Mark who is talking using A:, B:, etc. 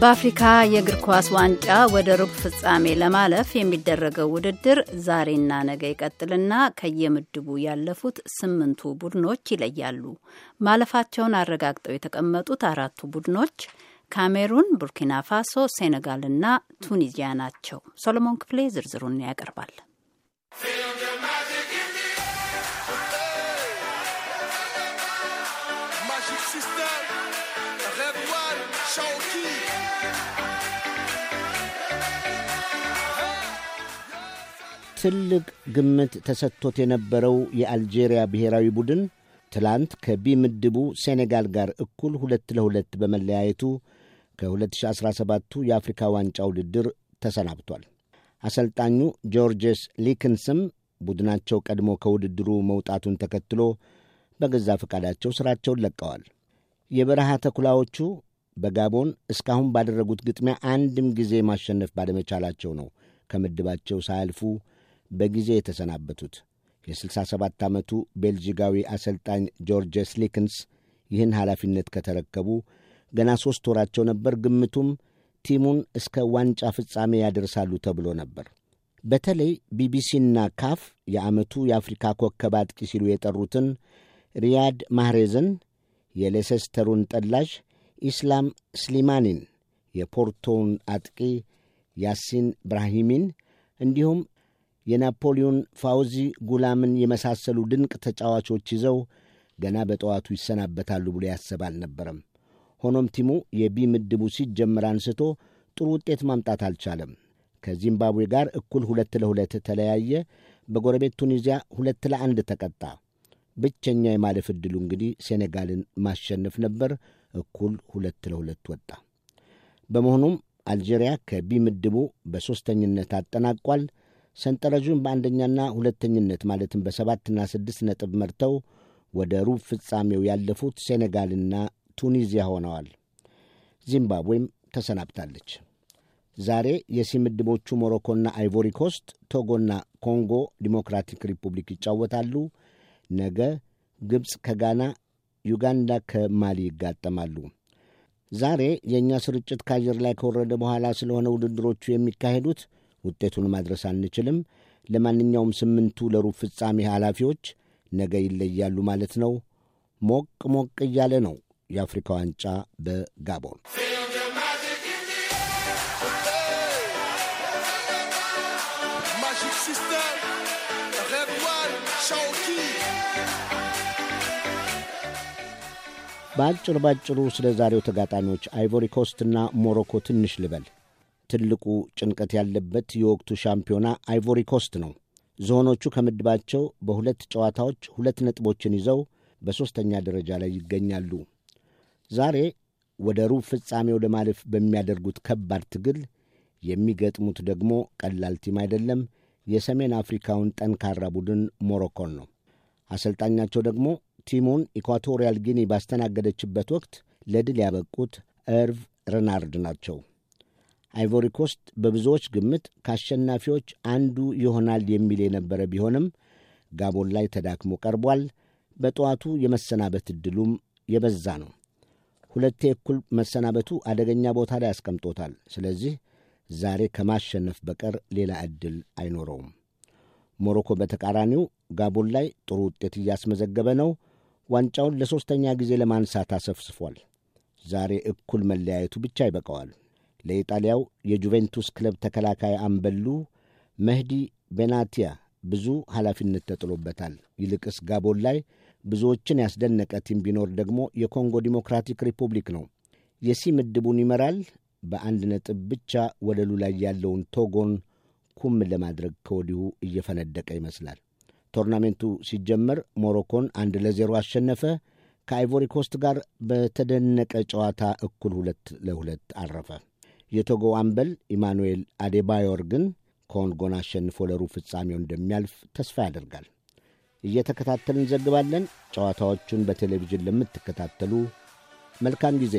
A: በአፍሪካ የእግር ኳስ ዋንጫ ወደ ሩብ ፍጻሜ ለማለፍ የሚደረገው ውድድር ዛሬና ነገ ይቀጥልና ከየምድቡ ያለፉት ስምንቱ ቡድኖች ይለያሉ። ማለፋቸውን አረጋግጠው የተቀመጡት አራቱ ቡድኖች ካሜሩን፣ ቡርኪና ፋሶ፣ ሴኔጋልና ቱኒዚያ ናቸው። ሶሎሞን ክፍሌ ዝርዝሩን ያቀርባል። ትልቅ ግምት ተሰጥቶት የነበረው የአልጄሪያ ብሔራዊ ቡድን ትላንት ከቢ ምድቡ ሴኔጋል ጋር እኩል ሁለት ለሁለት በመለያየቱ ከ2017ቱ የአፍሪካ ዋንጫ ውድድር ተሰናብቷል። አሰልጣኙ ጆርጅስ ሊክንስም ቡድናቸው ቀድሞ ከውድድሩ መውጣቱን ተከትሎ በገዛ ፈቃዳቸው ሥራቸውን ለቀዋል። የበረሃ ተኩላዎቹ በጋቦን እስካሁን ባደረጉት ግጥሚያ አንድም ጊዜ ማሸነፍ ባለመቻላቸው ነው ከምድባቸው ሳያልፉ በጊዜ የተሰናበቱት። የ67 ዓመቱ ቤልጂካዊ አሰልጣኝ ጆርጅ ሊክንስ ይህን ኃላፊነት ከተረከቡ ገና ሦስት ወራቸው ነበር። ግምቱም ቲሙን እስከ ዋንጫ ፍጻሜ ያደርሳሉ ተብሎ ነበር። በተለይ ቢቢሲና ካፍ የዓመቱ የአፍሪካ ኮከብ አጥቂ ሲሉ የጠሩትን ሪያድ ማህሬዝን የሌሴስተሩን ጠላሽ ኢስላም ስሊማኒን፣ የፖርቶውን አጥቂ ያሲን ብራሂሚን እንዲሁም የናፖሊዮን ፋውዚ ጉላምን የመሳሰሉ ድንቅ ተጫዋቾች ይዘው ገና በጠዋቱ ይሰናበታሉ ብሎ ያሰብ አልነበረም። ሆኖም ቲሙ የቢ ምድቡ ሲጀምር አንስቶ ጥሩ ውጤት ማምጣት አልቻለም። ከዚምባብዌ ጋር እኩል ሁለት ለሁለት ተለያየ። በጎረቤት ቱኒዚያ ሁለት ለአንድ ተቀጣ። ብቸኛ የማለፍ ዕድሉ እንግዲህ ሴኔጋልን ማሸነፍ ነበር። እኩል ሁለት ለሁለት ወጣ። በመሆኑም አልጄሪያ ከቢ ምድቡ በሦስተኝነት አጠናቋል። ሰንጠረዡን በአንደኛና ሁለተኝነት ማለትም በሰባትና ስድስት ነጥብ መርተው ወደ ሩብ ፍጻሜው ያለፉት ሴኔጋልና ቱኒዚያ ሆነዋል። ዚምባብዌም ተሰናብታለች። ዛሬ የሲ ምድቦቹ ሞሮኮና አይቮሪ ኮስት፣ ቶጎና ኮንጎ ዲሞክራቲክ ሪፑብሊክ ይጫወታሉ። ነገ ግብፅ ከጋና፣ ዩጋንዳ ከማሊ ይጋጠማሉ። ዛሬ የእኛ ስርጭት ከአየር ላይ ከወረደ በኋላ ስለሆነ ውድድሮቹ የሚካሄዱት ውጤቱን ማድረስ አንችልም። ለማንኛውም ስምንቱ ለሩብ ፍጻሜ ኃላፊዎች ነገ ይለያሉ ማለት ነው። ሞቅ ሞቅ እያለ ነው የአፍሪካ ዋንጫ በጋቦን። በአጭር ባጭሩ ስለ ዛሬው ተጋጣሚዎች አይቮሪ ኮስትና ሞሮኮ ትንሽ ልበል። ትልቁ ጭንቀት ያለበት የወቅቱ ሻምፒዮና አይቮሪ ኮስት ነው። ዝሆኖቹ ከምድባቸው በሁለት ጨዋታዎች ሁለት ነጥቦችን ይዘው በሦስተኛ ደረጃ ላይ ይገኛሉ። ዛሬ ወደ ሩብ ፍጻሜው ለማለፍ በሚያደርጉት ከባድ ትግል የሚገጥሙት ደግሞ ቀላል ቲም አይደለም። የሰሜን አፍሪካውን ጠንካራ ቡድን ሞሮኮን ነው። አሰልጣኛቸው ደግሞ ቲሙን ኢኳቶሪያል ጊኒ ባስተናገደችበት ወቅት ለድል ያበቁት እርቭ ረናርድ ናቸው። አይቮሪኮስት በብዙዎች ግምት ከአሸናፊዎች አንዱ ይሆናል የሚል የነበረ ቢሆንም ጋቦን ላይ ተዳክሞ ቀርቧል። በጠዋቱ የመሰናበት ዕድሉም የበዛ ነው። ሁለቴ እኩል መሰናበቱ አደገኛ ቦታ ላይ ያስቀምጦታል። ስለዚህ ዛሬ ከማሸነፍ በቀር ሌላ ዕድል አይኖረውም። ሞሮኮ በተቃራኒው ጋቦን ላይ ጥሩ ውጤት እያስመዘገበ ነው። ዋንጫውን ለሦስተኛ ጊዜ ለማንሳት አሰፍስፏል። ዛሬ እኩል መለያየቱ ብቻ ይበቀዋል። ለኢጣሊያው የጁቬንቱስ ክለብ ተከላካይ አምበሉ መህዲ ቤናቲያ ብዙ ኃላፊነት ተጥሎበታል። ይልቅስ ጋቦን ላይ ብዙዎችን ያስደነቀ ቲም ቢኖር ደግሞ የኮንጎ ዲሞክራቲክ ሪፑብሊክ ነው። የሲ ምድቡን ይመራል። በአንድ ነጥብ ብቻ ወለሉ ላይ ያለውን ቶጎን ኩም ለማድረግ ከወዲሁ እየፈነደቀ ይመስላል። ቶርናሜንቱ ሲጀመር ሞሮኮን አንድ ለዜሮ አሸነፈ። ከአይቮሪኮስት ኮስት ጋር በተደነቀ ጨዋታ እኩል ሁለት ለሁለት አረፈ። የቶጎ አምበል ኢማኑኤል አዴባዮር ግን ኮንጎን አሸንፎ ለሩብ ፍጻሜው እንደሚያልፍ ተስፋ ያደርጋል። እየተከታተል እንዘግባለን። ጨዋታዎቹን በቴሌቪዥን ለምትከታተሉ መልካም ጊዜ።